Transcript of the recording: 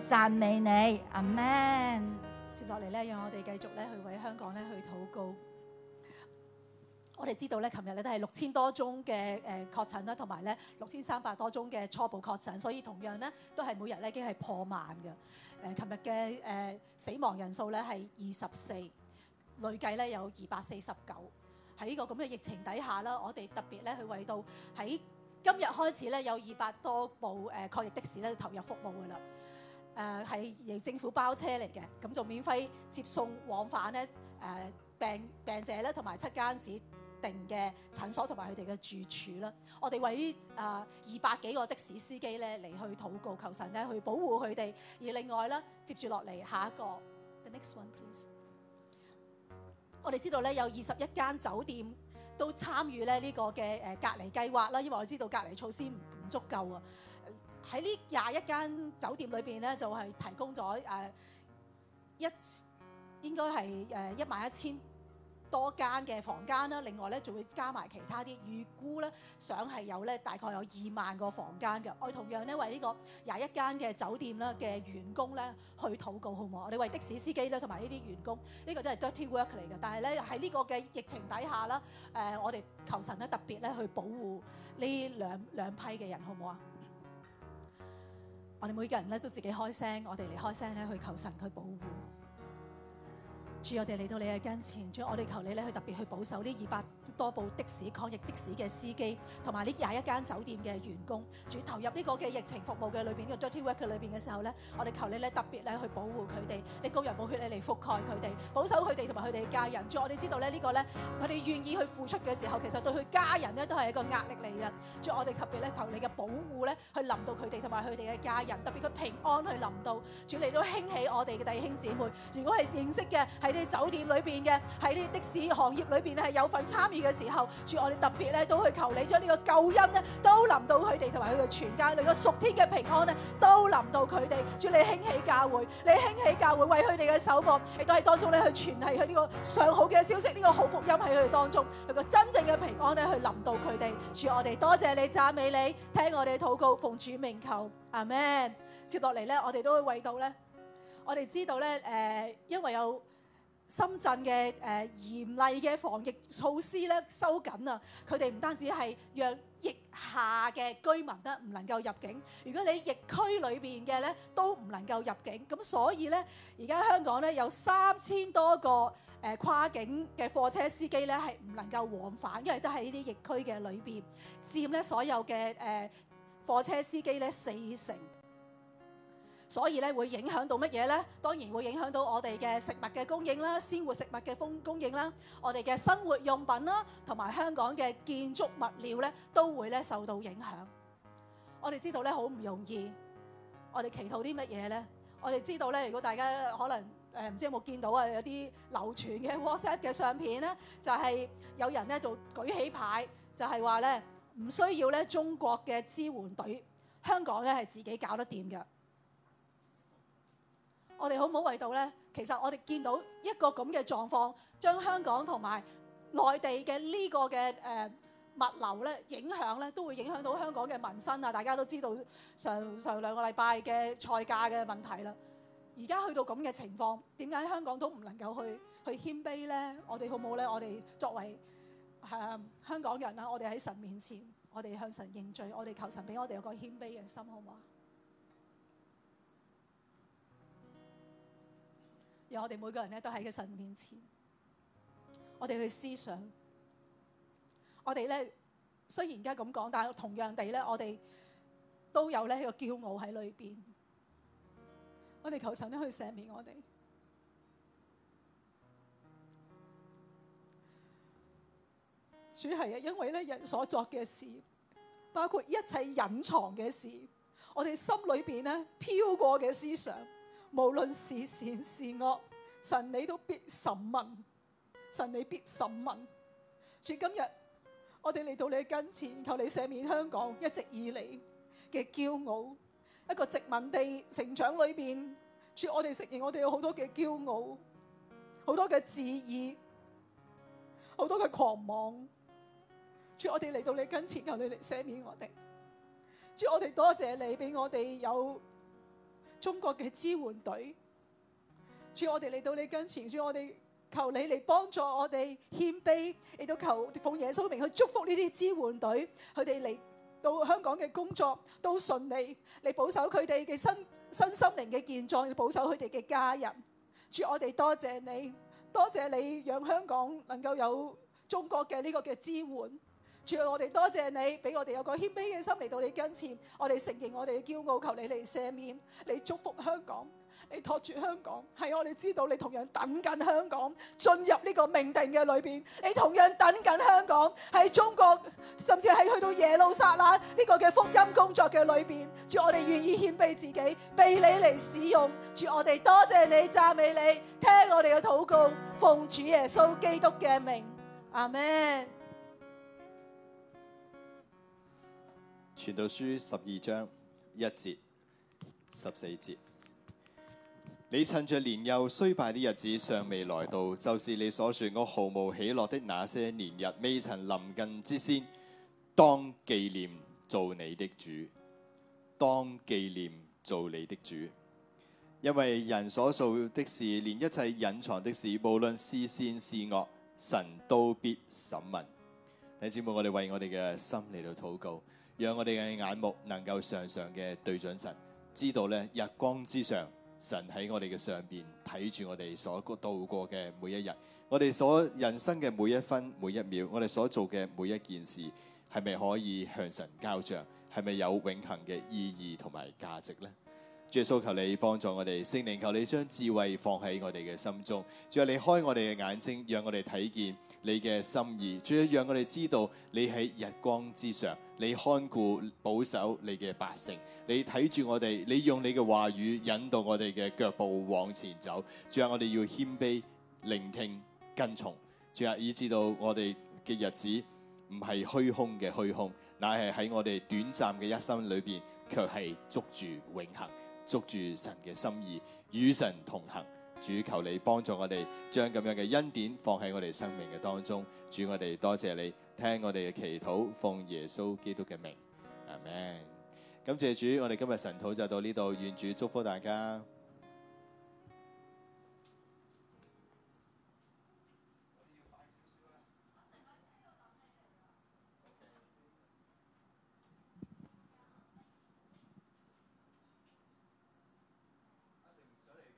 讚美你，阿們。接落嚟咧，讓我哋繼續咧去為香港咧去禱告。我哋知道咧，琴日咧都係六千多宗嘅誒確診啦，同埋咧六千三百多宗嘅初步確診，所以同樣咧都係每日咧已經係破萬嘅。誒，琴日嘅誒死亡人數咧係二十四，累計咧有二百四十九。喺呢個咁嘅疫情底下啦，我哋特別咧去為到喺今日開始咧有二百多部誒抗疫的士咧投入服務㗎啦。誒係、呃、政府包車嚟嘅，咁就免費接送往返咧。誒、呃、病病者咧，同埋七間指定嘅診所，同埋佢哋嘅住處啦。我哋為啲誒、呃、二百幾個的士司機咧嚟去禱告，求神咧去保護佢哋。而另外咧，接住落嚟下一個，the next one please。我哋知道咧有二十一間酒店都參與咧呢、這個嘅誒隔離計劃啦，因為我知道隔離措施唔足夠啊。喺呢廿一間酒店裏邊咧，就係提供咗誒、呃、一應該係誒一萬一千多間嘅房間啦。另外咧，仲會加埋其他啲預估咧，想係有咧大概有二萬個房間㗎。我哋同樣咧為呢個廿一間嘅酒店啦嘅員工咧去禱告，好唔好？我哋為的士司機咧同埋呢啲員工，呢、這個真係 dirty work 嚟嘅。但係咧喺呢個嘅疫情底下啦，誒、呃、我哋求神咧特別咧去保護呢兩兩批嘅人，好唔好啊？我哋每個人都自己開聲，我哋嚟開聲去求神去保護。主，我哋嚟到你嘅跟前，主，我哋求你咧去特別去保守呢二百多部的士抗疫的士嘅司機，同埋呢廿一間酒店嘅員工。主投入呢個嘅疫情服務嘅裏邊，嘅、這個、dirty work 嘅裏邊嘅時候咧，我哋求你咧特別咧去保護佢哋，你高人寶血你嚟覆蓋佢哋，保守佢哋同埋佢哋嘅家人。主，我哋知道咧呢個咧，佢哋願意去付出嘅時候，其實對佢家人咧都係一個壓力嚟嘅。主，我哋特別咧求你嘅保護咧，去臨到佢哋同埋佢哋嘅家人，特別佢平安去臨到。主你都興起我哋嘅弟兄姊妹，如果係認識嘅係。啲酒店裏邊嘅喺呢啲的士行業裏邊係有份參與嘅時候，主我哋特別咧都去求你將呢個救恩咧都臨到佢哋同埋佢哋全家，你個屬天嘅平安咧都臨到佢哋，主你興起教會，你興起教會為佢哋嘅手放，亦都係當中咧去傳係佢呢個上好嘅消息，呢個好福音喺佢哋當中有個真正嘅平安咧去臨到佢哋，主我哋多謝你讚美你，聽我哋禱告奉主名求，阿門。接落嚟咧，我哋都會為到咧，我哋知道咧，誒，因為有。深圳嘅誒、呃、嚴厲嘅防疫措施咧收緊啊！佢哋唔單止係讓疫下嘅居民咧唔能夠入境，如果你疫區裏邊嘅咧都唔能夠入境，咁所以咧而家香港咧有三千多個誒、呃、跨境嘅貨車司機咧係唔能夠往返，因為都喺呢啲疫區嘅裏邊，佔咧所有嘅誒、呃、貨車司機咧四成。所以咧，會影響到乜嘢呢？當然會影響到我哋嘅食物嘅供應啦，鮮活食物嘅供供應啦，我哋嘅生活用品啦，同埋香港嘅建築物料咧，都會咧受到影響。我哋知道咧，好唔容易。我哋祈禱啲乜嘢呢？我哋知道咧，如果大家可能誒、呃、唔知有冇見到啊，有啲流傳嘅 WhatsApp 嘅相片呢，就係、是、有人咧就舉起牌，就係話咧唔需要咧中國嘅支援隊，香港咧係自己搞得掂嘅。我哋好唔好為到呢？其實我哋見到一個咁嘅狀況，將香港同埋內地嘅呢個嘅誒物流呢影響呢，都會影響到香港嘅民生啊！大家都知道上上兩個禮拜嘅菜價嘅問題啦。而家去到咁嘅情況，點解香港都唔能夠去去謙卑呢？我哋好唔好呢？我哋作為誒香港人啦，我哋喺神面前，我哋向神認罪，我哋求神俾我哋有個謙卑嘅心，好唔好啊？有我哋每個人咧，都喺佢神面前，我哋去思想，我哋咧雖然而家咁講，但係同樣地咧，我哋都有咧個驕傲喺裏邊。我哋求神咧去赦免我哋。主要係啊，因為咧人所作嘅事，包括一切隱藏嘅事，我哋心裏邊咧飄過嘅思想。無論是善是惡，神你都必審問，神你必審問。主今日，我哋嚟到你跟前，求你赦免香港一直以嚟嘅驕傲，一個殖民地成長裏邊，主我哋承認我哋有好多嘅驕傲，好多嘅自意，好多嘅狂妄。主我哋嚟到你跟前，求你嚟赦免我哋。主我哋多謝你俾我哋有。中國嘅支援隊，主我哋嚟到你跟前，主我哋求你嚟幫助我哋謙卑，亦都求奉耶穌名去祝福呢啲支援隊，佢哋嚟到香港嘅工作都順利，嚟保守佢哋嘅身身心靈嘅健壯，嚟保守佢哋嘅家人。主我哋多謝你，多謝你讓香港能夠有中國嘅呢個嘅支援。主，我哋多謝你，俾我哋有個謙卑嘅心嚟到你跟前。我哋承認我哋嘅驕傲，求你嚟赦免，嚟祝福香港，你托住香港。係我哋知道你同樣等緊香港進入呢個命定嘅裏邊。你同樣等緊香港喺中國，甚至係去到耶路撒冷呢個嘅福音工作嘅裏邊。主，我哋願意謙卑自己，被你嚟使用。主，我哋多謝你，讚美你，聽我哋嘅禱告，奉主耶穌基督嘅名，阿門。傳道書十二章一節十四節，你趁着年幼衰敗的日子尚未來到，就是你所說我毫無喜樂的那些年日未曾臨近之先，當紀念做你的主，當紀念做你的主，因為人所做的事，連一切隱藏的事，無論是善是惡，神都必審問。你知唔知，我哋為我哋嘅心嚟到禱告。讓我哋嘅眼目能夠常常嘅對準神，知道咧日光之上，神喺我哋嘅上邊睇住我哋所度過嘅每一日，我哋所人生嘅每一分每一秒，我哋所做嘅每一件事，係咪可以向神交賬？係咪有永恒嘅意義同埋價值咧？主啊，求你幫助我哋，聖靈求你將智慧放喺我哋嘅心中。主啊，你開我哋嘅眼睛，讓我哋睇見你嘅心意。主啊，讓我哋知道你喺日光之上，你看顧保守你嘅百姓，你睇住我哋，你用你嘅話語引導我哋嘅腳步往前走。主啊，我哋要謙卑聆聽跟從。主啊，以至到我哋嘅日子唔係虛空嘅虛空，乃係喺我哋短暫嘅一生裏邊，卻係捉住永恒。捉住神嘅心意，與神同行。主，求你幫助我哋，將咁樣嘅恩典放喺我哋生命嘅當中。主，我哋多謝你，聽我哋嘅祈禱，奉耶穌基督嘅名，阿門。感謝主，我哋今日神討就到呢度，願主祝福大家。